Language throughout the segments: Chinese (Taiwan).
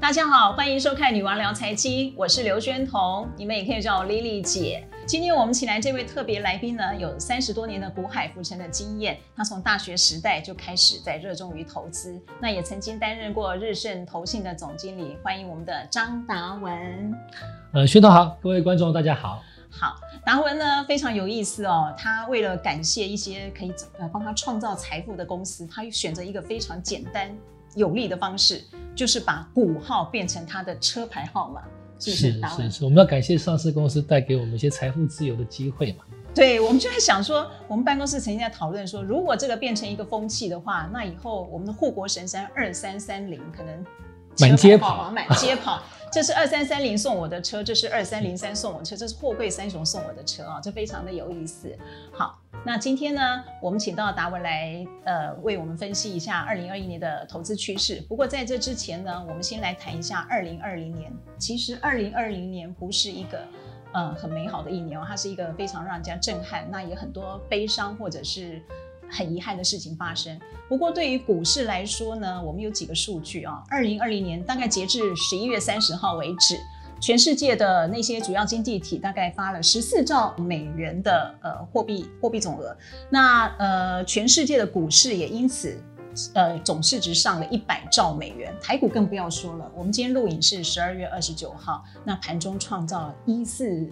大家好，歡迎收看《女王撩財經》，我是劉宣彤，你們也可以叫我 Lily 姐。今天我們請來這位特別來賓呢，有三十多年的股海浮沉的經驗。他從大學時代就開始在熱衷於投資，那也曾經擔任過日盛投信的總經理。歡迎我們的張達文。呃，宣彤好，各位觀眾大家好。好，達文呢非常有意思哦，他為了感謝一些可以呃幫他創造財富的公司，他選擇一個非常簡單。有利的方式就是把股號變成它的車牌號碼，是不是？是,是是是，我們要感謝上市公司帶給我們一些財富自由的機會嘛。對，我們就在想說，我們辦公室曾經在討論說，如果這個變成一個風氣的話，那以後我們的護國神山二三三零可能。滿街跑，滿街跑。這是二三三零送我的車，啊、這是二三零三送我的車，這是貨櫃三雄送我的車啊，這非常的有意思。好，那今天呢，我們請到達文來，呃，為我們分析一下二零二一年的投資趨勢。不過在這之前呢，我們先來談一下二零二零年。其實二零二零年不是一個、呃，很美好的一年哦，它是一個非常讓人家震撼，那也有很多悲傷或者是。很遺憾的事情發生。不過對於股市來說呢，我們有幾個數據啊。二零二零年大概截至十一月三十號為止，全世界的那些主要經濟體大概發了十四兆美元的呃貨幣貨幣總額。那呃，全世界的股市也因此呃總市值上了一百兆美元。台股更不要說了。我們今天錄影是十二月二十九號，那盤中創造了一四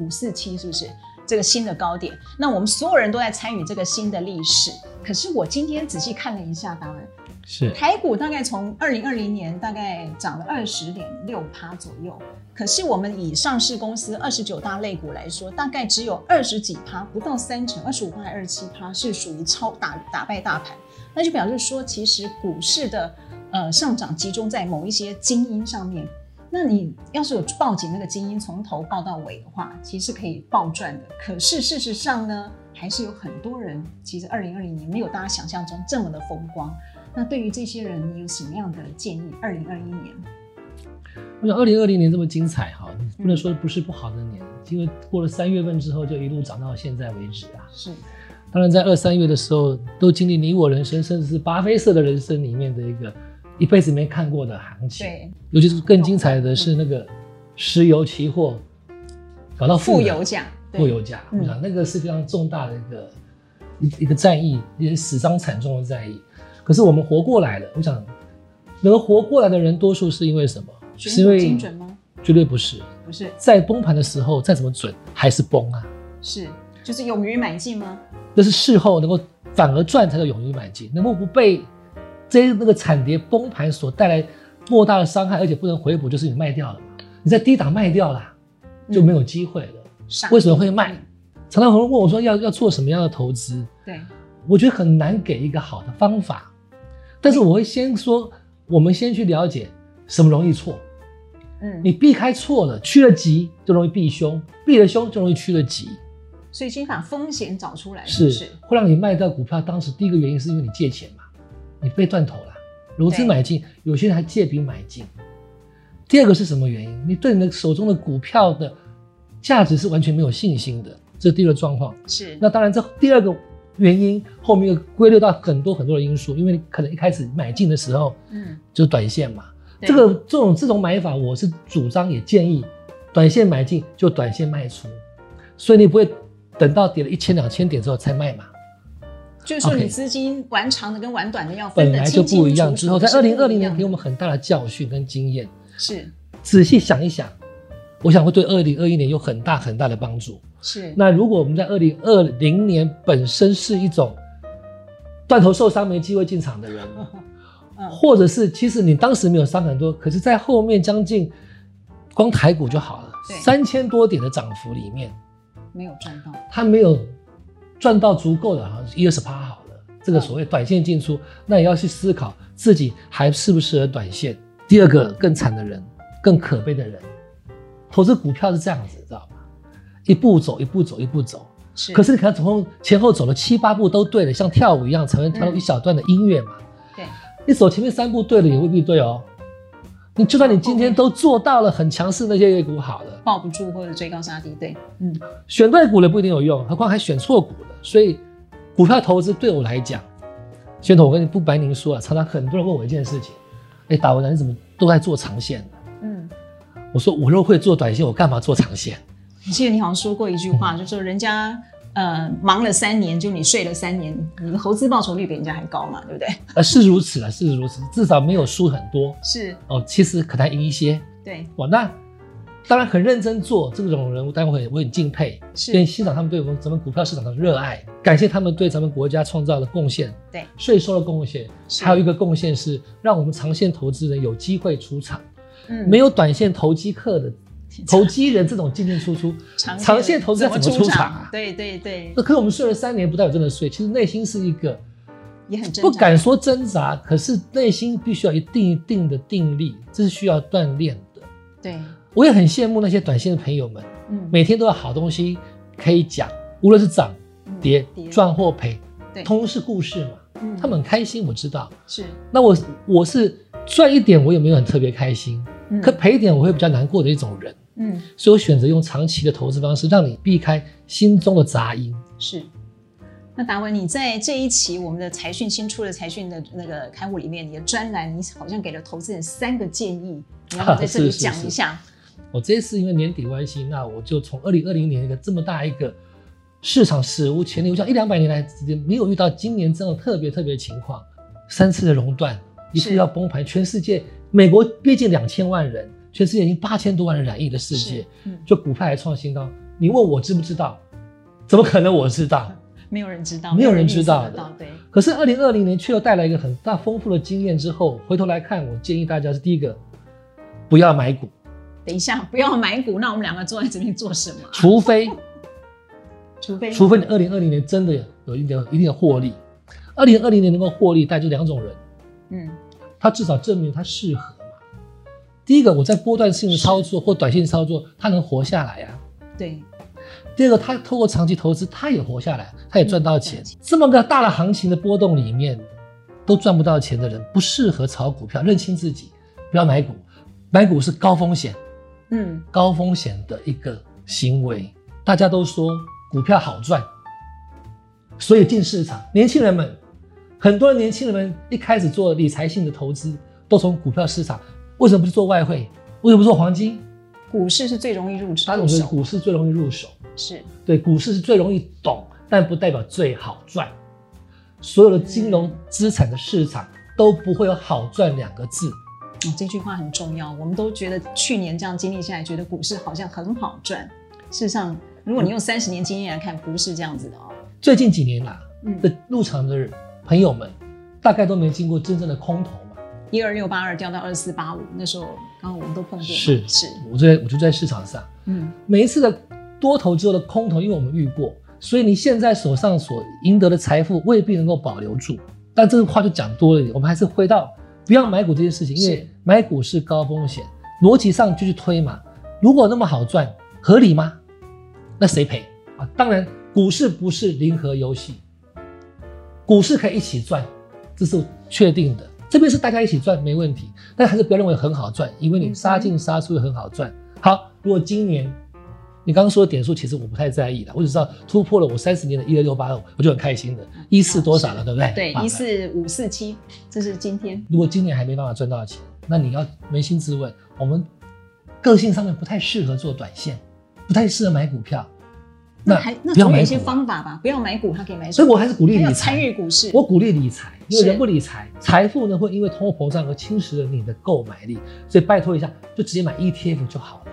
五四七，是不是？這個新的高點，那我們所有人都在參與這個新的歷史。可是我今天仔細看了一下答案，當然是台股大概從二零二零年大概漲了二十點六趴左右。可是我們以上市公司二十九大類股來說，大概只有二十幾趴，不到三成，二十五趴、二十七趴是屬於超打打敗大盤。那就表示說，其實股市的呃上漲集中在某一些精英上面。那你要是有抱緊那個基因，從頭抱到尾的話，其實可以抱賺的。可是事實上呢，還是有很多人，其實二零二零年沒有大家想象中這麼的風光。那對於這些人，你有什麼樣的建議？二零二一年，我想二零二零年這麼精彩哈，你不能說不是不好的年，嗯、因為過了三月份之後，就一路漲到現在為止啊。是，當然在二三月的時候，都經歷你我人生，甚至是巴菲特的人生裡面的一個。一輩子沒看過的行情，對，尤其是更精彩的是那個石油期貨，搞、嗯、到負油價，負油價，我想那個是非常重大的一個一個戰役，一些死傷慘重的戰役。可是我們活過來了，我想能活過來的人多數是因為什麼？是因為精準嗎？絕對不是，不是在崩盤的時候，再怎麼準還是崩啊。是，就是勇於買進嗎？那是事後能夠反而賺，才叫勇於買進，能夠不被。這那個慘跌、崩盤所帶來莫大的傷害，而且不能回補，就是你賣掉了，你在低檔賣掉啦，就沒有機會了、嗯。為什麼會賣？常常有人問我說要：“要要做什麼樣的投資？”對，我覺得很難給一個好的方法，但是我會先說，我們先去了解什麼容易錯。嗯，你避開錯了，趨了吉就容易避凶，避了凶就容易趨了吉。所以先把風險找出來。是是，會讓你賣掉股票。當時第一個原因是因為你借錢嘛。你被斷頭了啊，融資買進，有些人還借兵買進。第二個是什麼原因？你對你的手中的股票的價值是完全沒有信心的，這是第二個狀況。是。那當然，這第二個原因後面又歸類到很多很多的因素，因為你可能一開始買進的時候，嗯，就是短線嘛。這個這種這種買法，我是主張也建議，短線買進就短線賣出，所以你不會等到跌了一千兩千點之後才賣嘛。就是說，你資金玩長的跟玩短的要分的清清，本來就不一樣。之後，在二零二零年給我們很大的教訓跟經驗。是，仔細想一想，我想會對二零二一年有很大很大的幫助。是。那如果我們在二零二零年本身是一種斷頭受傷、沒機會進場的人、嗯嗯，或者是其實你當時沒有傷很多，可是在後面將近光台股就好了，三千多點的漲幅裡面沒有賺到，他沒有。賺到足夠的好像一二十趴好了，這個所謂短線進出，嗯、那也要去思考自己還適不適合短線。第二個更慘的人，更可悲的人，投資股票是這樣子，你知道嗎？一步走，一步走，一步走。是。可是你看，從前後走了七八步都對了，像跳舞一樣，才能跳到一小段的音樂嘛、嗯。對。你走前面三步對了，也未必對哦。你就算你今天都做到了很強勢，那些業股好了，抱不住或者追高殺低，對，嗯，選對股了不一定有用，何況還選錯股了。所以，股票投資對我來講，先頭我跟你不白您說啊，常常很多人問我一件事情，哎、欸，達文你怎麼都在做長線呢？嗯，我說我若會做短線，我幹嘛做長線？我記得你好像說過一句話，嗯、就說、是、人家。呃，忙了三年，就你睡了三年，你的投資報酬率比人家還高嘛，對不對？呃，是如此了，是如此，至少沒有輸很多。是哦，其實可能贏一些。對哇，那當然很認真做這種人物，當然會我很敬佩，是。跟欣賞他們對我們咱們股票市場的熱愛，感謝他們對咱們國家創造的貢獻，對稅收的貢獻是，還有一個貢獻是讓我們長線投資人有機會出場，嗯，沒有短線投機客的，投機人這種進進出出，長線投資者怎麼出場啊？對對對。那可是我們睡了三年，不代表真的睡，其實內心是一個也很掙扎，不敢說掙扎，可是內心必須要一定一定的定力，這是需要鍛鍊的。對，我也很羨慕那些短線的朋友們，嗯、每天都有好東西可以講，無論是漲、嗯、跌賺，賺或賠，對，都是故事嘛。嗯、他們很開心，我知道。是。那我我是賺一點，我也沒有很特別開心。可賠一點我會比較難過的一種人，嗯，所以我選擇用長期的投資方式，讓你避開心中的雜音。是，那達文，你在這一期我們的財訊新出的財訊的那個刊物裡面，你的專欄你好像給了投資人三個建議，然後在這裡講一下、啊是是是？我這次因為年底關係，那我就從二零二零年一個這麼大一個市場史無前例，我想一兩百年來之間沒有遇到，今年這樣特別特別情況，三次的熔斷，一次要崩盤，全世界。美國逼近兩千萬人，全世界已經八千多萬人染疫的世界，嗯、就股派還創新高。你問我知不知道？怎麼可能我知道？沒有人知道，沒有人，沒有人知道的。對。可是二零二零年卻又帶來一個很大豐富的經驗之後，回頭來看，我建議大家是第一個，不要買股。等一下，不要買股，那我們兩個坐在這邊做什麼？除非， 除非，除非你二零二零年真的有一點一定的獲利。二零二零年能夠獲利，帶就兩種人，嗯。他至少證明他適合嘛。第一個，我在波段性的操作或短線操作，他能活下來呀。對。第二個，他透過長期投資，他也活下來，他也賺到錢。這麼個大的行情的波動裡面，都賺不到錢的人不適合炒股票。認清自己，不要買股，買股是高風險，嗯，高風險的一個行為。大家都說股票好賺，所以進市場，年輕人們。很多年輕人們一開始做理財性的投資，都從股票市場。為什麼不去做外匯？為什麼不做黃金？股市是最容易入手。他總覺得股市最容易入手，是對股市是最容易懂，但不代表最好賺。所有的金融資產的市場、嗯、都不會有“好賺”兩個字。啊、哦，這句話很重要。我們都覺得去年這樣經歷下來，覺得股市好像很好賺。事實上，如果你用三十年經驗來看，不是這樣子的哦，最近幾年啦、啊，嗯，的入場的日。朋友們，大概都沒經過真正的空頭嘛，一二六八二掉到二四八五，那時候剛剛我們都碰過。是是，我就在，我就在市場上，嗯，每一次的多頭之後的空頭，因為我們遇過，所以你現在手上所贏得的財富未必能夠保留住。但這個話就講多了一點，我們還是回到不要買股這件事情，因為買股是高風險，邏輯上就去推嘛。如果那麼好賺，合理嗎？那誰賠啊？當然，股市不是零和遊戲。股市可以一起賺，這是確定的。這邊是大家一起賺，沒問題。但還是不要認為很好賺，因為你殺進殺出也很好賺。嗯嗯。好，如果今年你剛剛說的點數，其實我不太在意的，我只知道突破了我三十年的一二六八五，我就很開心的。一四多少了，對不對？對，一四五四七，14547, 這是今天。如果今年還沒辦法賺到錢，那你要捫心自問，我們個性上面不太適合做短線，不太適合買股票。那還那總有一些方法吧，不要買股，他可以買。所以我還是鼓勵理財，不要參與股市。我鼓勵理財，因為人不理財，財富呢會因為通貨膨脹而侵蝕了你的購買力。所以拜托一下，就直接買 ETF 就好了。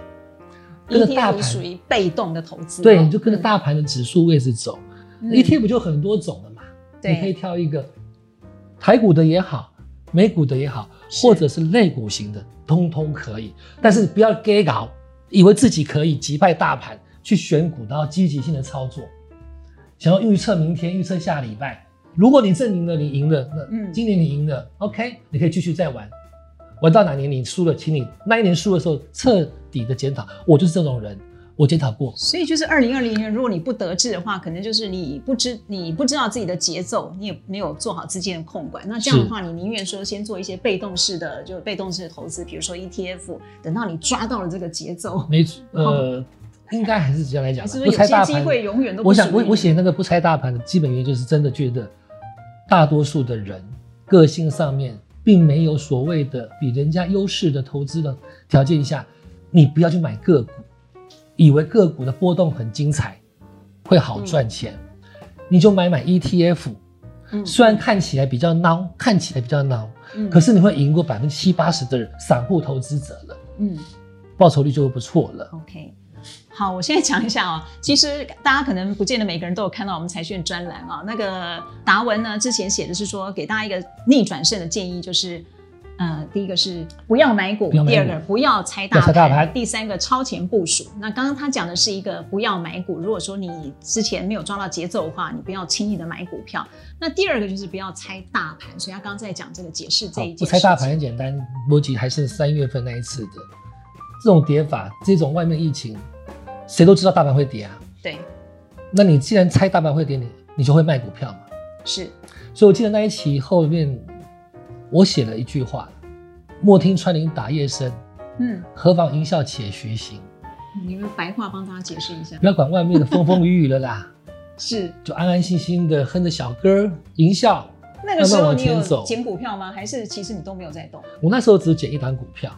ETF 屬於被動的投資，對、哦，你就跟着大盤的指數位置走。嗯、ETF 就很多種了嘛，嗯、你可以挑一個台股的也好，美股的也好，或者是類股型的，通通可以。但是不要 g 給搞，以為自己可以擊敗大盤。去選股，然後積極性的操作，想要預測明天，預測下禮拜。如果你證明了你贏了，那今年你贏了，嗯，OK，你可以繼續再玩。玩到哪年你輸了，請你那一年輸的時候徹底的檢討。我就是這種人，我檢討過。所以就是二零二零年，如果你不得志的話，可能就是你不知你不知道自己的節奏，你也沒有做好自己的控管。那這樣的話，你寧願說先做一些被動式的，就是被動式的投資，比如說 ETF，等到你抓到了這個節奏，沒錯，呃。應該還是直接來講，不猜大盤，機會永遠都不。我想，我我寫那個不猜大盤的基本原因，就是真的覺得大多數的人個性上面並沒有所謂的比人家優勢的投資的條件下，你不要去買個股，以為個股的波動很精彩，會好賺錢，嗯，你就買買 ETF。雖然看起來比較孬，看起來比較孬，嗯，可是你會贏過百分之七八十的散戶投資者了。嗯，報酬率就會不錯了。OK。好，我現在講一下哦、喔。其實大家可能不見得每個人都有看到我們財訊專欄啊。那個達文呢，之前寫的是說，給大家一個逆轉勝的建議，就是，呃，第一個是不要買股，買股第二個不要猜大盤，第三個超前部署。那剛剛他講的是一個不要買股，如果說你之前沒有抓到節奏的話，你不要輕易的買股票。那第二個就是不要猜大盤，所以他剛剛在講這個解釋這一件。不猜大盤很簡單，邏輯還是三月份那一次的這種跌法，這種外面疫情。誰都知道大盤會跌啊！對，那你既然猜大盤會跌，你你就會賣股票嘛？是，所以我記得那一期後面，我寫了一句話：“莫聽穿林打葉聲，嗯，何妨吟嘯且徐行。”你們白話幫他解釋一下：不要管外面的風風雨雨了啦， 是，就安安心心的哼着小歌兒，吟嘯。那個時候往前走，你有撿股票嗎？還是其實你都沒有在動？我那時候只撿一檔股票，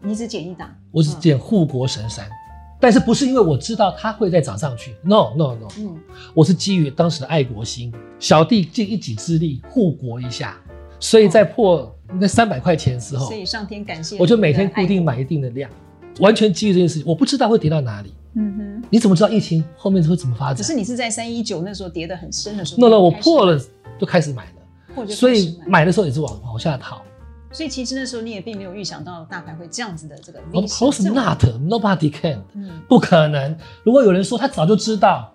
你只撿一檔？我只撿護國神山。嗯但是不是因為我知道它會再漲上去？No No No，我是基於當時的愛國心，小弟盡一己之力護國一下，所以在破那三百塊錢的時候，所以上天感謝，我就每天固定買一定的量，完全基於這件事情，我不知道會跌到哪裡。嗯哼，你怎麼知道疫情後面會怎麼發展？可是你是在三一九那時候跌得很深的時候，No No，我破了就開始買了，破就開始買了，所以買的時候也是往往下套。所以其實那時候你也並沒有預想到大盤會這樣子的這個走勢，不是 not nobody can、嗯、不可能。如果有人說他早就知道，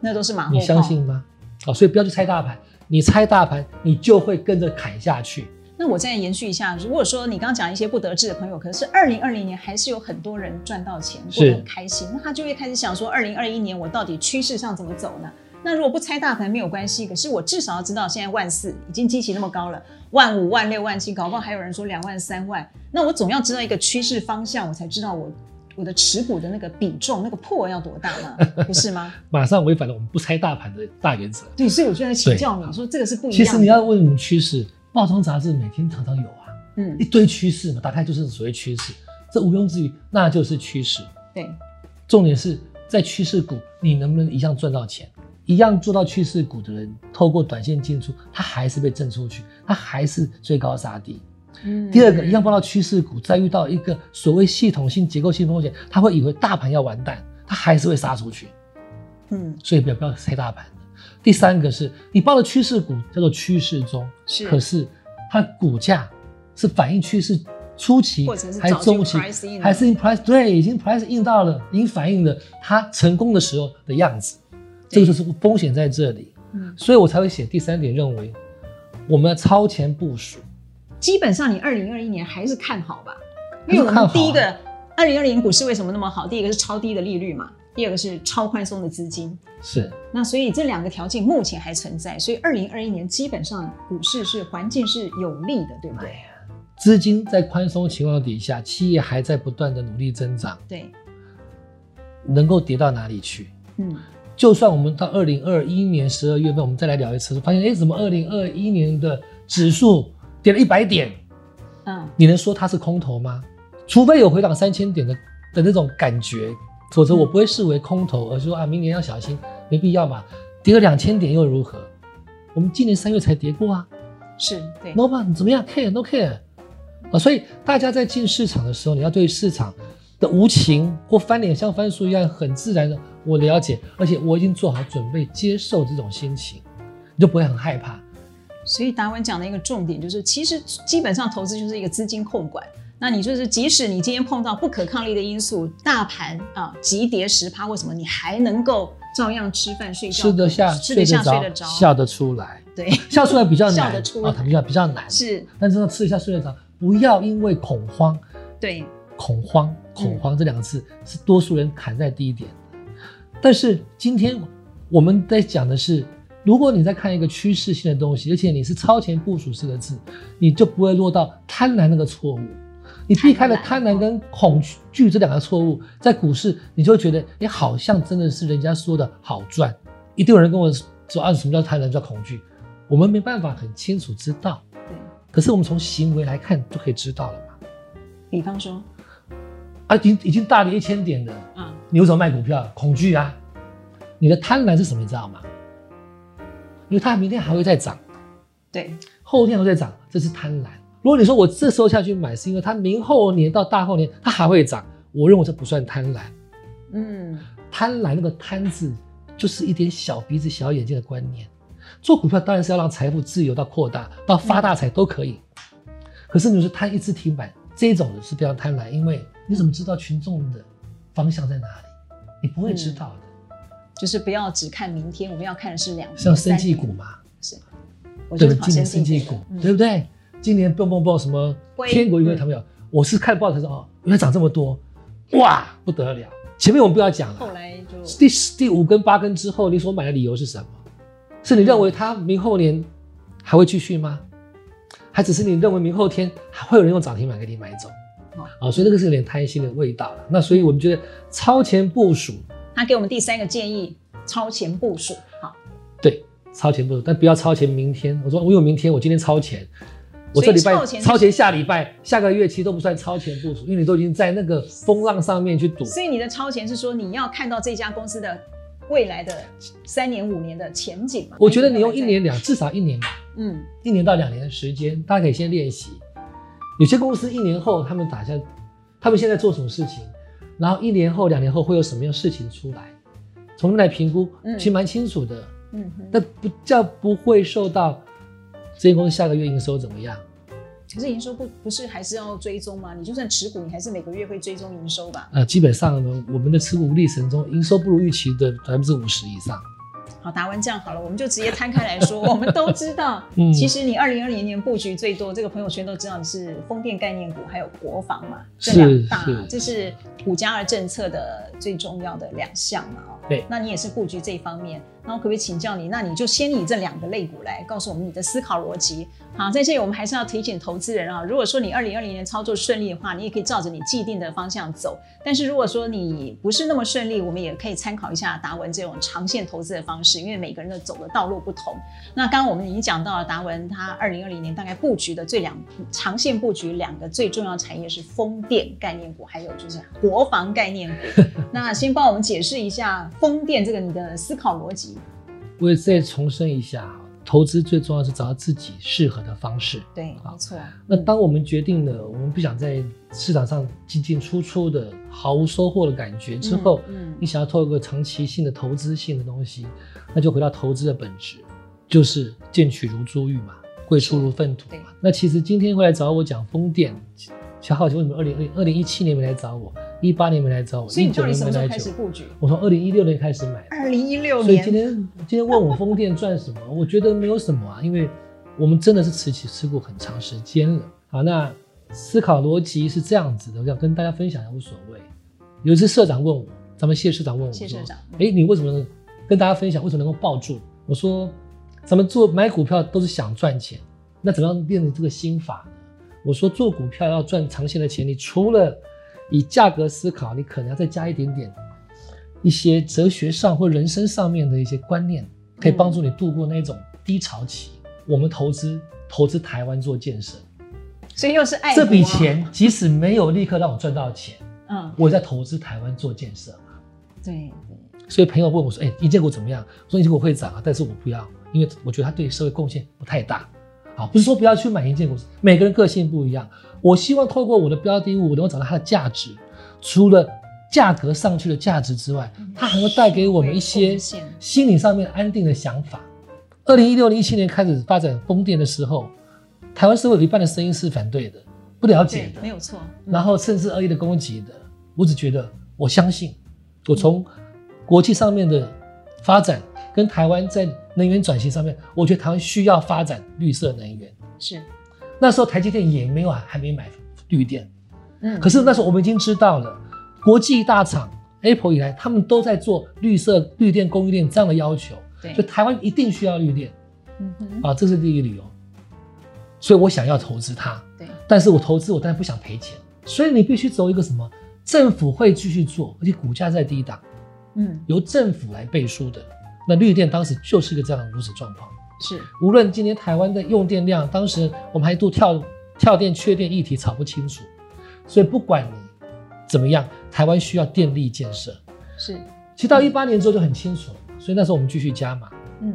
那都是馬後炮，你相信嗎？Oh, 所以不要去猜大盤，你猜大盤，你就會跟着砍下去。那我再延續一下，如果說你剛剛講一些不得志的朋友，可能是二零二零年還是有很多人賺到錢，過得很開心，那他就會開始想說，二零二一年我到底趨勢上怎麼走呢？那如果不猜大盤沒有關係，可是我至少要知道現在萬四已經激起那麼高了，萬五、萬六、萬七，搞不好還有人說兩萬、三萬。那我總要知道一個趨勢方向，我才知道我我的持股的那個比重、那個破要多大嘛，不是嗎？ 馬上違反了我們不猜大盤的大原則。對，所以我現在請教你，說這個是不一樣的。其實你要問什麼趨勢？報章雜誌每天常常有啊，嗯，一堆趨勢嘛，打開就是所謂趨勢。這毋庸置疑，那就是趨勢。對，重點是在趨勢股，你能不能一向賺到錢？一樣做到趨勢股的人，透過短線進出，他還是被震出去，他還是最高殺低。嗯。第二個，一樣報到趨勢股，再遇到一個所謂系統性結構性風險，他會以為大盤要完蛋，他還是會殺出去。嗯。所以不要不要猜大盤。第三個是，你報的趨勢股叫做趨勢中，可是它的股價是反映趨勢初期還是中期，是還是 price, in price 對，已經 price in 到了，已經反映了它成功的時候的樣子。這個就是風險在這裡，嗯，所以我才會寫第三點，認為我們要超前部署。基本上，你二零二一年還是看好吧看好、啊，因為我們第一個，二零二零股市為什麼那麼好？第一個是超低的利率嘛，第二個是超寬鬆的資金。是。那所以這兩個條件目前還存在，所以二零二一年基本上股市是環境是有利的，對吧？對、哎。資金在寬鬆情況底下，企業還在不斷的努力增長。對。能夠跌到哪裡去？嗯。就算我們到二零二一年十二月份，我們再來聊一次，發現哎，怎麼二零二一年的指數跌了一百點？嗯，你能說它是空頭嗎？除非有回檔三千點的的那種感覺，否則我不會視為空頭，嗯、而說啊，明年要小心，沒必要嘛，跌了兩千點又如何？我們今年三月才跌過啊，是對，Nova，你怎麼樣？Care no care，、嗯、啊，所以大家在進市場的時候，你要對市場。無情或翻臉像翻書一樣很自然的，我了解，而且我已經做好準備接受這種心情，你就不會很害怕。所以達文講的一個重點就是，其實基本上投資就是一個資金控管。那你就是，即使你今天碰到不可抗力的因素，大盤啊急跌十趴或什麼，你還能夠照樣吃飯睡覺，吃得下，吃得下，睡得着，笑得出來。對，笑出來比較難啊、 哦，他比較比較難。是，但是真的吃一下，睡得着，不要因為恐慌，對，恐慌。恐慌這兩個字是多數人砍在低點，但是今天我們在講的是，如果你在看一個趨勢性的東西，而且你是超前部署四個字，你就不會落到貪婪那個錯誤。你避開了貪婪跟恐懼這兩個錯誤，在股市，你就會覺得你好像真的是人家說的好賺。一定有人跟我說啊，什麼叫貪婪，叫恐懼？我們沒辦法很清楚知道，對。可是我們從行為來看就可以知道了嘛？比方說。啊，已經已經大跌一千點了。你為什麼賣股票？恐懼啊！你的貪婪是什麼？你知道嗎？因為它明天還會再漲，對，後天還會再漲，這是貪婪。如果你說我這時候下去買，是因為它明後年到大後年它還會漲，我認為這不算貪婪。嗯，貪婪那個貪字就是一點小鼻子小眼睛的觀念。做股票當然是要讓財富自由到擴大到發大財都可以，嗯，可是你說貪一次停板，這種人是非常貪婪，因為。你怎麼知道群眾的方向在哪裡？你不會知道的。嗯、就是不要只看明天，我們要看的是兩三年，像生技股嘛，是，我就對，今年生技股，嗯、對不對？今年蹦蹦蹦什麼？天國有有，國因為他們有，我是看報才說啊，原來漲這麼多，哇，不得了！前面我們不要講了。後來就第四、第五跟八根之後，你所買的理由是什麼？是你認為它明後年還會繼續嗎、嗯？還只是你認為明後天還會有人用漲停板給你買走？啊、哦，所以那個是有點貪心的味道了。那所以我們覺得超前部署，他給我們第三個建議：超前部署。好，對，超前部署，但不要超前明天。我說我有明天，我今天超前，我這禮拜超前，超前下禮拜、下個月其實都不算超前部署，因為你都已經在那個風浪上面去賭。所以你的超前是說你要看到這家公司的未來的三年五年的前景嘛？我覺得你用一年兩，至少一年吧，嗯，一年到兩年的時間，大家可以先練習。有些公司一年後，他們打下他們現在做什麼事情，然後一年後、兩年後會有什麼樣的事情出來，從那來評估，其實蠻清楚的，嗯，那不叫不會受到這些公司下個月營收怎麼樣？可是營收不不是還是要追蹤嗎？你就算持股，你還是每個月會追蹤營收吧？呃，基本上呢，我們的持股歷程中，營收不如預期的百分之五十以上。好，答完這樣好了，我們就直接攤開來說。 我們都知道，嗯，其實你二零二零年布局最多，這個朋友圈都知道，你是風電概念股，還有國防嘛，這兩大，這是五加二政策的最重要的兩項嘛，對，那你也是布局這一方面，那我可不可以請教你？那你就先以這兩個類股來告訴我們你的思考邏輯。好，在這裡我們還是要提醒投資人啊，如果說你2020年操作順利的話，你也可以照着你既定的方向走。但是如果說你不是那麼順利，我們也可以參考一下達文這種長線投資的方式，因為每個人的走的道路不同。那剛剛我們已經講到了達文，他2020年大概布局的最兩長線布局兩個最重要產業是風電概念股，還有就是國防概念股。 那先幫我們解釋一下。風電這個，你的思考邏輯，我也再重申一下，投資最重要是找到自己適合的方式。對，好，沒錯啊。那當我們決定了，我們不想在市場上進進出出的毫無收穫的感覺之後，嗯，嗯，你想要透過長期性的投資性的東西，那就回到投資的本質，就是賤取如珠玉嘛，貴出如糞土嘛，對。那其實今天會來找我講風電，小好奇為什麼二零二零、二零一七年沒來找我。一八年沒來找我，一九年什麼時候開始2016我從二零一六年開始買，二零一六年。所以今天 今天問我風電賺什麼？starters 我覺得沒有什麼啊，因為我們真的是持股持股很長時間了。好，那思考邏輯是這樣子的，我想跟大家分享一下，無所謂。Okay. 有一次社長問我，咱們謝社長問我說，謝、謝社長，哎、欸，你為什麼跟大家分享？為什麼能夠抱住？我說，咱們做買股票都是想賺錢，那怎麼樣練成這個心法？我說，做股票要賺長線的錢，你除了以價格思考，你可能要再加一點點，一些哲學上或人生上面的一些觀念，可以幫助你度過那種低潮期。嗯、我們投資投資台灣做建設，所以又是愛國、哦。這筆錢即使沒有立刻讓我賺到錢，嗯，我也在投資台灣做建設嘛。對。所以朋友問我說：“哎、欸，營建股怎麼樣？”我說：“營建股會漲啊，但是我不要，因為我覺得它對社會貢獻不太大。”啊，不是說不要去買一件公司，每個人個性不一樣。我希望透過我的標的物，我能夠找到它的價值，除了價格上去的價值之外，它還會帶給我們一些心理上面安定的想法。二零一六年、一七年開始發展風電的時候，台灣社會有一半的聲音是反對的，不了解的，沒有錯，嗯。然後甚至惡意的攻擊的，我只覺得我相信，我從國際上面的發展，跟台灣在能源轉型上面，我覺得台灣需要發展綠色能源。是，那時候台積電也沒有還沒買綠電，嗯，可是那時候我們已經知道了，國際大廠 Apple 以來，他們都在做綠色綠電供應鏈這樣的要求。對，就台灣一定需要綠電，嗯，啊，這是第一個理由。所以我想要投資它，對，但是我投資我當然不想賠錢，所以你必須走一個什麼政府會繼續做，而且股價在低檔，嗯，由政府來背書的。那綠電當時就是一個這樣的如此狀況，是無論今年台灣的用電量，當時我們還一度跳跳電缺電議題吵不清楚，所以不管你怎麼樣，台灣需要電力建設，是其實到一八年之後就很清楚了，嗯，所以那時候我們繼續加碼，嗯，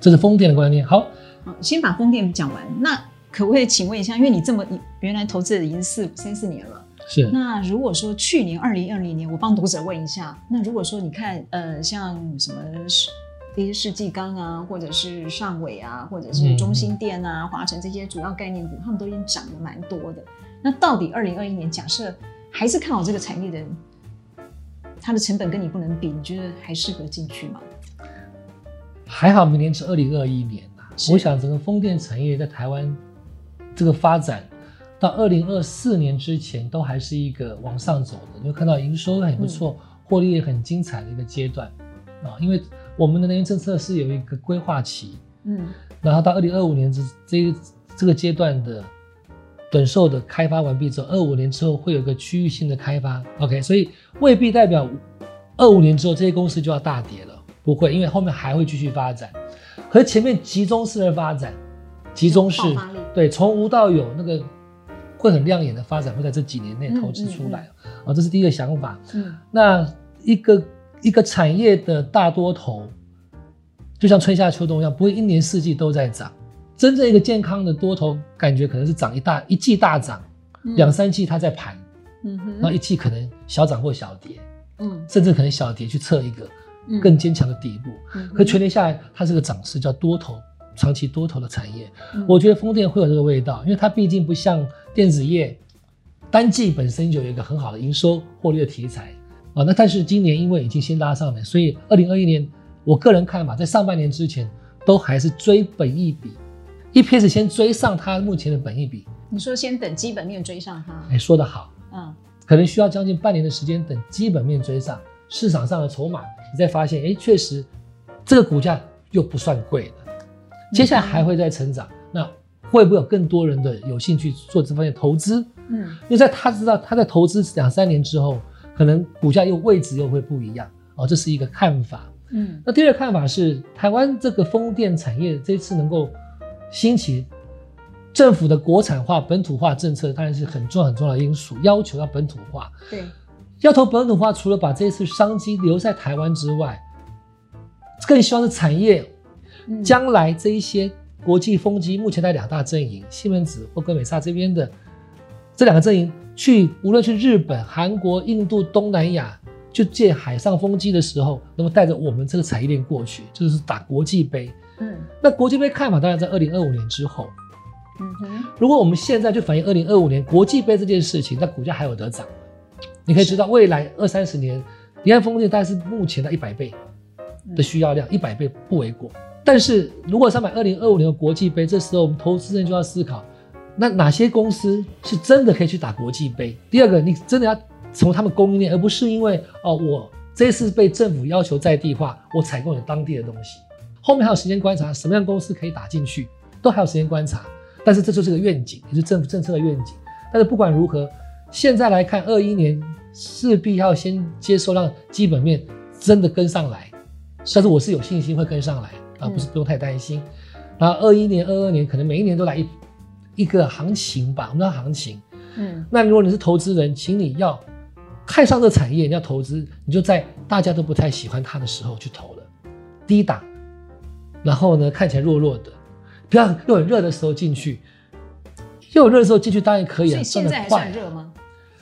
這是風電的觀念，好，好，先把風電講完。那可不可以請問一下，因為你這麼原來投資已經四三四年了。是。那如果說去年二零二零年，我幫讀者問一下，那如果說你看，呃，像什麼世、世紀鋼啊，或者是上緯啊，或者是中興電啊、嗯、華城這些主要概念股，他們都已經漲了蠻多的。那到底二零二一年，假設還是看好這個產業的，它的成本跟你不能比，你覺得還適合進去嗎？還好，明年是二零二一年啊。我想整個風電產業在台灣這個發展。到二零二四年之前都還是一個往上走的，你會看到營收很不錯，獲、嗯、利也很精彩的一個階段啊、哦。因為我們的能源政策是有一個規劃期，嗯，然後到二零二五年這這個、這個階段的等售的開發完畢之後，二五年之後會有個區域性的開發，OK。所以未必代表二五年之後這些公司就要大跌了，不會，因為後面還會繼續發展，和前面集中式的發展，集中式、爆發力，對，從無到有那個。會很亮眼的發展會在這幾年內投資出來，啊、嗯嗯嗯、哦，這是第一個想法。嗯、那一個一個產業的大多頭，就像春夏秋冬一樣，不會一年四季都在漲。真正一個健康的多頭，感覺可能是漲一大一季大漲，嗯、兩三季它在盤，嗯、然後一季可能小漲或小跌，嗯，甚至可能小跌去測一個更堅強的底部、嗯。可全年下來，它是個漲勢叫多頭、長期多頭的產業、嗯，我覺得風電會有這個味道，因為它畢竟不像。電子業單季本身就有一個很好的營收獲利的題材啊、哦，那但是今年因為已經先拉上了，所以二零二一年我個人看嘛，在上半年之前都還是追本一筆一撇 s 先追上它目前的本一筆。你說先等基本面追上它？哎，說得好，嗯，可能需要將近半年的時間等基本面追上，市場上的籌碼你再發現，哎，確實這個股價又不算貴了，接下來還會再成長。那會不會有更多人的有興趣做這方面投資？嗯，因為在他知道他在投資兩三年之後，可能股價又位置又會不一樣哦，這是一個看法。嗯，那第二個看法是，台灣這個風電產業這一次能夠興起，政府的國產化本土化政策當然是很重要很重要的因素，要求要本土化。對，要投本土化，除了把這一次商機留在台灣之外，更希望是產業、嗯、將來這一些。國際風機目前的兩大陣營，西門子或格美薩這邊的這兩個陣營去，無論去日本、韓國、印度、東南亞，去建海上風機的時候，那麼帶着我們這個產業鏈過去，就是打國際杯。嗯，那國際杯看法當然在二零二五年之後。嗯哼。如果我們現在就反映二零二五年國際杯這件事情，那股價還有得漲。你可以知道，未來二三十年，離岸風電大概是目前的一百倍的需要量，嗯、一百倍不為過。但是如果想買二零二五年的國際盃，這時候我們投資人就要思考，那哪些公司是真的可以去打國際盃？第二個，你真的要從他們供應鏈，而不是因為，哦，我這次被政府要求在地化，我採購你當地的東西。後面還有時間觀察，什麼樣的公司可以打進去，都還有時間觀察。但是這就是個願景，也是政府政策的願景。但是不管如何，現在來看二一年，勢必要先接受讓基本面真的跟上來，但是我是有信心會跟上來的。啊，不是，不用太擔心。嗯、然後二一年、二二年可能每一年都來一一個行情吧。我們說行情，嗯，那如果你是投資人，請你要看上這個產業，你要投資，你就在大家都不太喜歡它的時候去投了，低檔。然後呢，看起來弱弱的，不要又很熱的時候進去，又、嗯、有熱的時候進去當然可以、啊，所以現在還算熱嗎？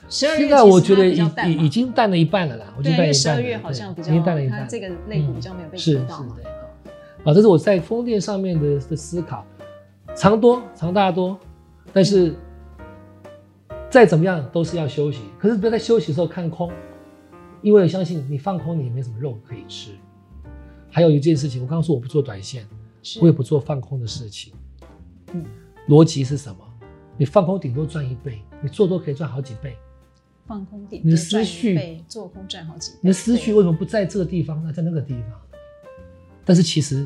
現在我覺得已已經淡了一半了啦。我了一半了對，十二月好像比較已經淡了一半。這個內容比較沒有被主導啊，這是我在風電上面的的思考，長多長大多，但是再怎麼樣都是要休息。可是不要在休息的時候看空，因為我相信你放空你也沒什麼肉可以吃。還有一件事情，我剛剛說我不做短線，我也不做放空的事情。嗯，邏輯是什麼？你放空頂多賺一倍，你做多可以賺好幾倍。放空頂多賺一,一,一倍，做空賺好幾倍。你的思緒為什麼不在這個地方呢？那在那個地方？但是其實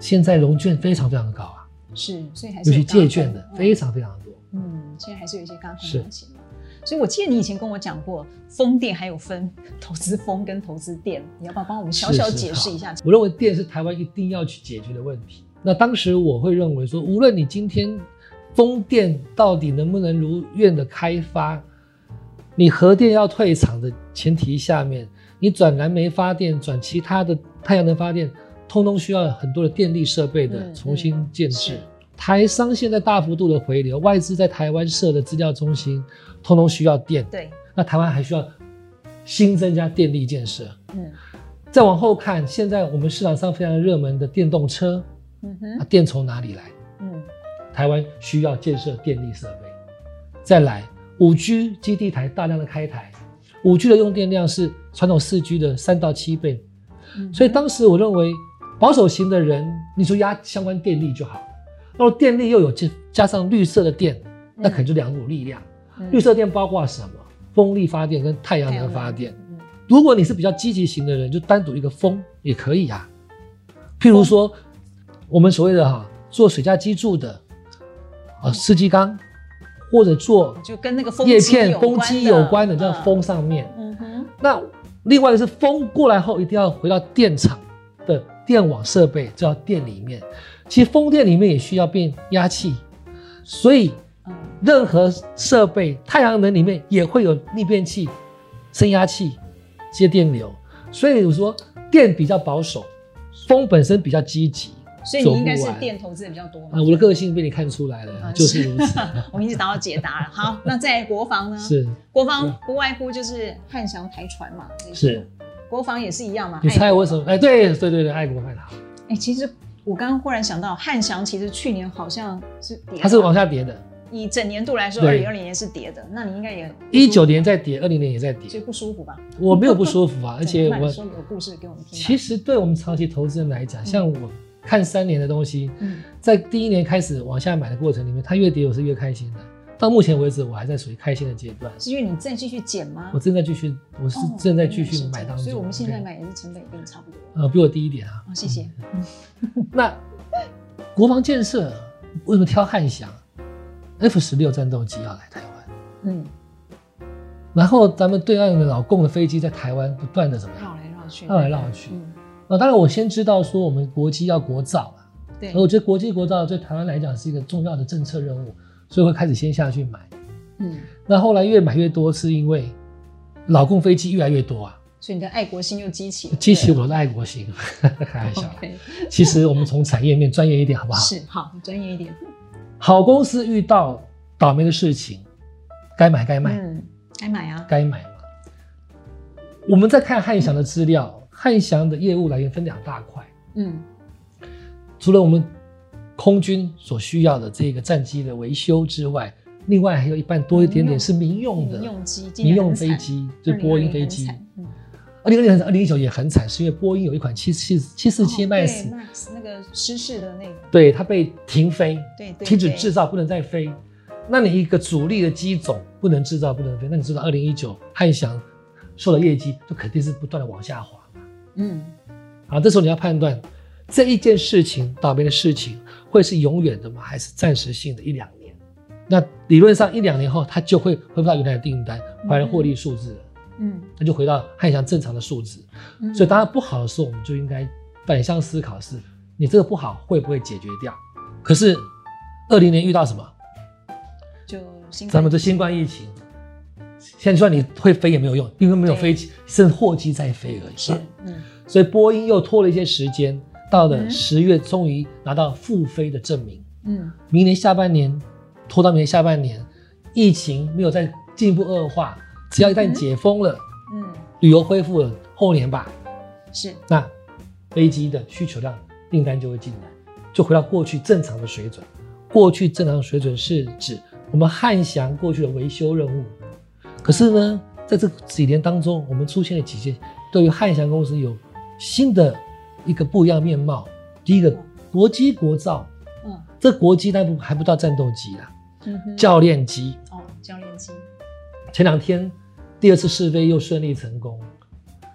現在融券非常非常的高啊，是，所以還是有借券的非常非常的多，嗯，現在還是有一些剛性，所以我記得你以前跟我講過，風電還有分投資風跟投資電，你要不要幫我們小小解釋一下？是是，我認為電是台灣一定要去解決的問題。那當時我會認為說，無論你今天風電到底能不能如願的開發，你核電要退場的前提下面，你轉燃煤發電，轉其他的太陽能發電。通通需要很多的電力設備的重新建設，嗯嗯。台商現在大幅度的回流，外資在台灣設的資料中心，通通需要電。對。那台灣還需要新增加電力建設。嗯。再往後看，現在我們市場上非常熱門的電動車，嗯哼，啊、電從哪裡來？嗯。台灣需要建設電力設備。再來，五 G 基地台大量的開台，五 G 的用電量是傳統四 G 的三到七倍，嗯，所以當時我認為。保守型的人，你說壓相關電力就好了。那麼電力又有加加上綠色的電，那可能就兩股力量、嗯。綠色電包括什麼？風力發電跟太陽能發電。如果你是比較積極型的人，就單獨一個風也可以呀、啊。譬如說，我們所謂的哈、啊、做水下基樁的，啊、哦，世紀鋼，或者做就跟那個葉片風機有關的，那風,、嗯、風上面。嗯哼。那另外的是風過來後一定要回到電廠的。電網設備叫電裡面，其實風電裡面也需要變壓器，所以任何設備，太陽能裡面也會有逆變器、升壓器、接電流。所以我說電比較保守，風本身比較積極，所以你應該是電投資的比較多嘛。我的個性被你看出來了，就是如此。 我們一直打到解答了。好，那在國防呢？是國防不外乎就是漢翔台船嘛。是。國防也是一樣嘛？你猜我為什麼？哎、欸，對對對對，愛國派的好。哎、欸，其實我剛剛忽然想到，漢翔其實去年好像是跌，它是往下跌的。以整年度來說，二零二零年是跌的。那你應該也一九年在跌，二零年也在跌，所以不舒服吧？我沒有不舒服啊，哼哼，而且我說故事給我們聽。其實對我們長期投資人來講，像我看三年的東西、嗯，在第一年開始往下買的過程裡面，它越跌我是越開心的。到目前為止，我還在屬於開心的階段。是因為你正在繼續減嗎？我正在繼續，我是正在繼續買當中。所以我們現在買也是成本跟你差不多。呃，比我低一點啊。哦、謝謝。嗯、 那國防建設為什麼挑漢翔？F 十六戰鬥機要來台灣。嗯。然後咱們對岸的老共的飛機在台灣不斷的怎麼樣？繞來繞去。繞來繞去。那、嗯哦、當然我先知道說我們國機要國造了、啊。對。而我覺得國機國造對台灣來講是一個重要的政策任務。所以會開始先下去買，嗯，那後來越買越多，是因為老共飛機越來越多啊，所以你的愛國心又激起，激、啊、起我的愛國心， 開玩笑、okay。其實我們從產業面專業一點好不好？是，好專業一點。好公司遇到倒霉的事情，該買該賣，嗯，該買啊，該買嘛。我們在看漢翔的資料，漢、嗯、翔的業務來源分兩大塊，嗯，除了我們。空軍所需要的這個戰機的維修之外，另外還有一半多一點點是民用的民用機、民用飛機，就波音飛機。嗯，二零二零二零一九也很慘，是因為波音有一款七七七四七 MAX 那個失事的那個，對，它被停飛，對，停止製造，對對對，不能再飛。那你一個主力的機種不能製造，不能飛，那你知道二零一九漢翔受的業績就肯定是不斷的往下滑嘛。嗯，好，這時候你要判斷。這一件事情，倒霉的事情，會是永遠的嗎？還是暫時性的一兩年？那理論上一兩年後，它就會恢復到原來的訂單、還原獲利數字了。嗯，嗯，嗯嗯嗯嗯、它就回到漢翔正常的數字。所以，當然不好的時候，我們就應該反向思考：是，你這個不好會不會解決掉？可是，二零年遇到什麼？就新冠咱們這新冠疫情。現在就算你會飛也沒有用，因為沒有飛機，甚至貨機在飛而已。嗯，所以波音又拖了一些時間。到了十月，嗯，終於拿到復飛的證明。嗯，明年下半年，拖到明年下半年，疫情沒有再進一步惡化，只要一旦解封了，嗯，旅遊恢復了，後年吧，是那飛機的需求量訂單就會進來，就回到過去正常的水準。過去正常的水準是指我們漢翔過去的維修任務，可是呢，在這幾年當中，我們出現了幾件對於漢翔公司有新的。一個不一樣面貌，第一個國機國造，嗯，這國機它不還不到戰鬥機啦、啊嗯，教練機哦，教練機，前兩天第二次試飛又順利成功，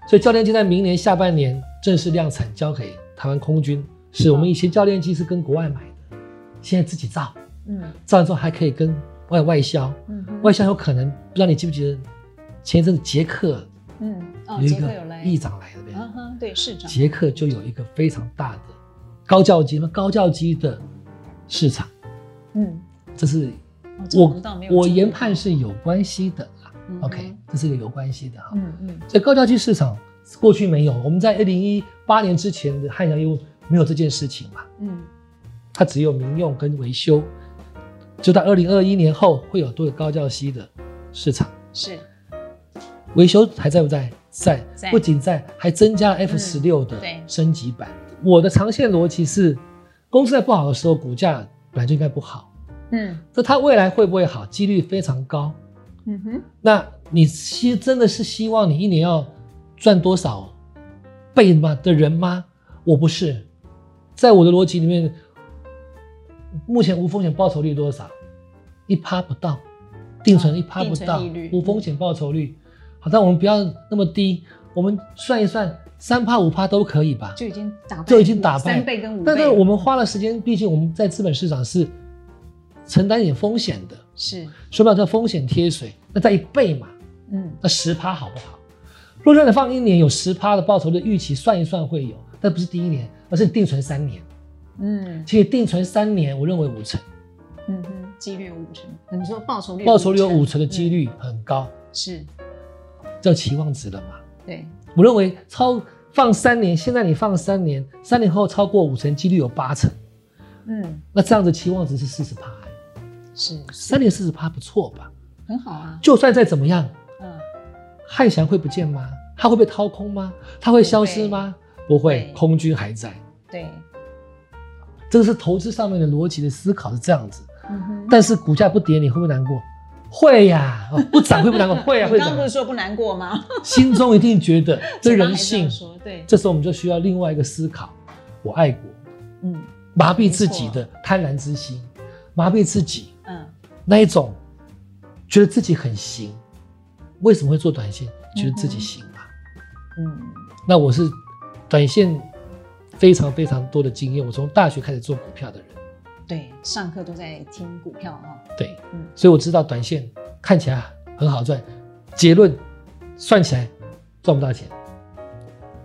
所以教練機在明年下半年正式量產交給台灣空軍。嗯、是我們以前教練機是跟國外買的，現在自己造，嗯，造完之後還可以跟外外銷，嗯，外銷有可能，不知道你記不記得前一陣子捷克。嗯，哦，捷克有來，議長來了唄，嗯、啊、哼，對，市長，捷克就有一個非常大的高教機嘛，高教機的市場，嗯，這是我、哦、這我，我研判是有關係的啦、嗯、，OK，這是一個有關係的哈，嗯嗯，所、嗯、以高教機市場過去沒有，我們在二零一八年之前的漢翔又沒有這件事情嘛，嗯，它只有民用跟維修，就到二零二一年後會有多個高教機的市場，是。維修還在不在？在，在，不僅在，還增加 F 十六的升級版。嗯、我的長線邏輯是，公司在不好的時候，股價本來就應該不好。嗯，這它未來會不會好？幾率非常高。嗯哼，那你希真的是希望你一年要賺多少倍嗎的人嗎？我不是，在我的邏輯裡面，目前無風險報酬率多少？一趴不到，定存一趴不到，哦、無風險報酬率。好，但我們不要那麼低，我們算一算，三趴五趴都可以吧？就已經打 5, 就已經打敗三倍跟五倍，但是我們花了時間，畢、嗯、竟我們在資本市場是承擔一點風險的，是，說白了叫風險貼水。那再一倍嘛，嗯，那十趴好不好？若讓你放一年有十趴的報酬率預期，算一算會有，但不是第一年，而是定存三年，嗯，其實定存三年，我認為五成，嗯哼，幾率有五成，你說報酬率，報酬率有五成，嗯、五成的幾率很高，是。叫期望值了嘛？對，我認為超放三年，現在你放三年，三年後超過五成幾率有八成。嗯，那這樣子期望值是四十趴，是三年四十趴不錯吧？很好啊，就算再怎麼樣，嗯，漢翔會不見嗎？它會被掏空嗎？它會消失嗎？不會，空軍還在。對，這個是投資上面的邏輯的思考是這樣子。嗯哼，但是股價不跌，你會不會難過？會呀、啊，不漲會不難過？ 會呀、啊，會。剛剛不是說不難過嗎？ 心中一定覺得這人性這對。這時候我們就需要另外一個思考，我愛國，嗯，麻痹自己的貪婪之心，麻痹自己，嗯，那一種覺得自己很行，為什麼會做短線？覺得自己行嗎？嗯。那我是短線非常非常多的經驗，我從大學開始做股票的人。對，上課都在聽股票啊、哦。對，嗯，所以我知道短線看起來很好賺，結論算起來賺不到錢。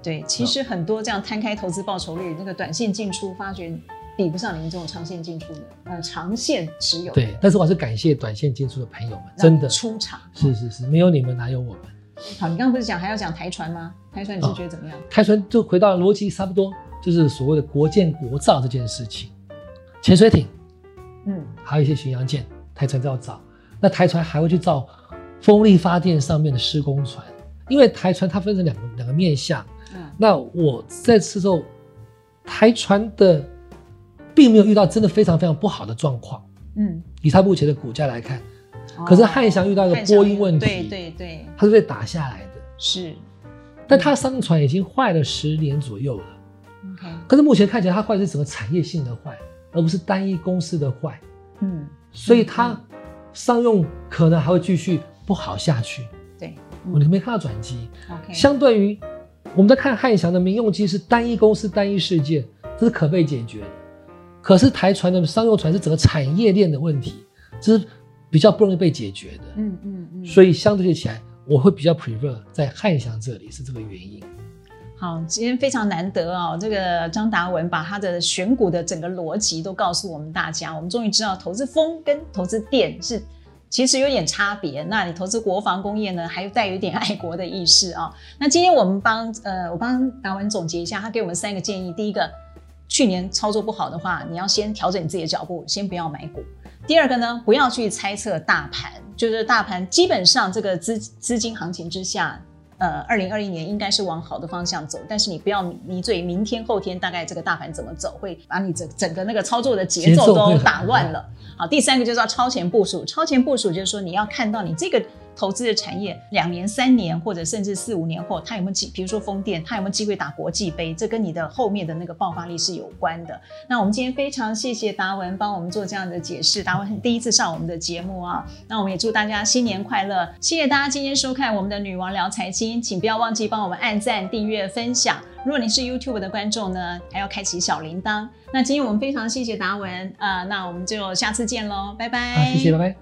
對，其實很多這樣攤開投資報酬率、哦，那個短線進出發覺比不上你們這種長線進出的，呃，長線持有。對，但是我是感謝短線進出的朋友們，真的出場是是是，沒有你們哪有我們。好、哦，你剛剛不是講還要講台船嗎？台船你是覺得怎麼樣？哦、台船就回到邏輯差不多，就是所謂的國艦國造這件事情。潛水艇，嗯，還有一些巡洋艦，台船都要造。那台船還會去造風力發電上面的施工船，因為台船它分成兩個兩個面向。嗯，那我在此之後，台船的並沒有遇到真的非常非常不好的狀況。嗯，以它目前的股價來看，嗯、可是漢翔遇到一個波音問題，對對對，它是被打下來的是、嗯，但它商船已經壞了十年左右了。嗯，可是目前看起來它壞的是整個產業性的壞。而不是單一公司的壞，嗯，所以它商用可能還會繼續不好下去。對、嗯，你沒看到轉機、嗯。相對於我們在看漢翔的民用機是單一公司單一事件，這是可被解決的。可是台船的商用船是整個產業鏈的問題，這是比較不容易被解決的。嗯嗯嗯。所以相對起來，我會比較 prefer 在漢翔這裡是這個原因。好，今天非常難得啊！這個張達文把他的選股的整個邏輯都告訴我們大家，我們終於知道投資風跟投資電是其實有點差別。那你投資國防工業呢，還帶有一點愛國的意識啊。那今天我們幫呃，我幫達文總結一下，他給我們三個建議：第一個，去年操作不好的話，你要先調整你自己的腳步，先不要買股；第二個呢，不要去猜測大盤，就是大盤基本上這個資資金行情之下。呃，二零二一年應該是往好的方向走，但是你不要迷醉明天、後天大概這個大盤怎麼走，會把你整整個那個操作的節奏都打亂了。好，第三個就是要超前部署，超前部署就是說你要看到你這個。投資的產業，兩年、三年，或者甚至四五年後，它有沒有機？比如說風電，它有沒有機會打國際盃？這跟你的後面的那個爆發力是有關的。那我們今天非常謝謝達文幫我們做這樣的解釋。達文是第一次上我們的節目啊。那我們也祝大家新年快樂！謝謝大家今天收看我們的女王撩財經，請不要忘記幫我們按讚、訂閱、分享。如果你是 YouTube 的觀眾呢，還要開啟小鈴鐺。那今天我們非常謝謝達文，呃，那我們就下次見嘍，拜拜。好，謝謝，拜拜。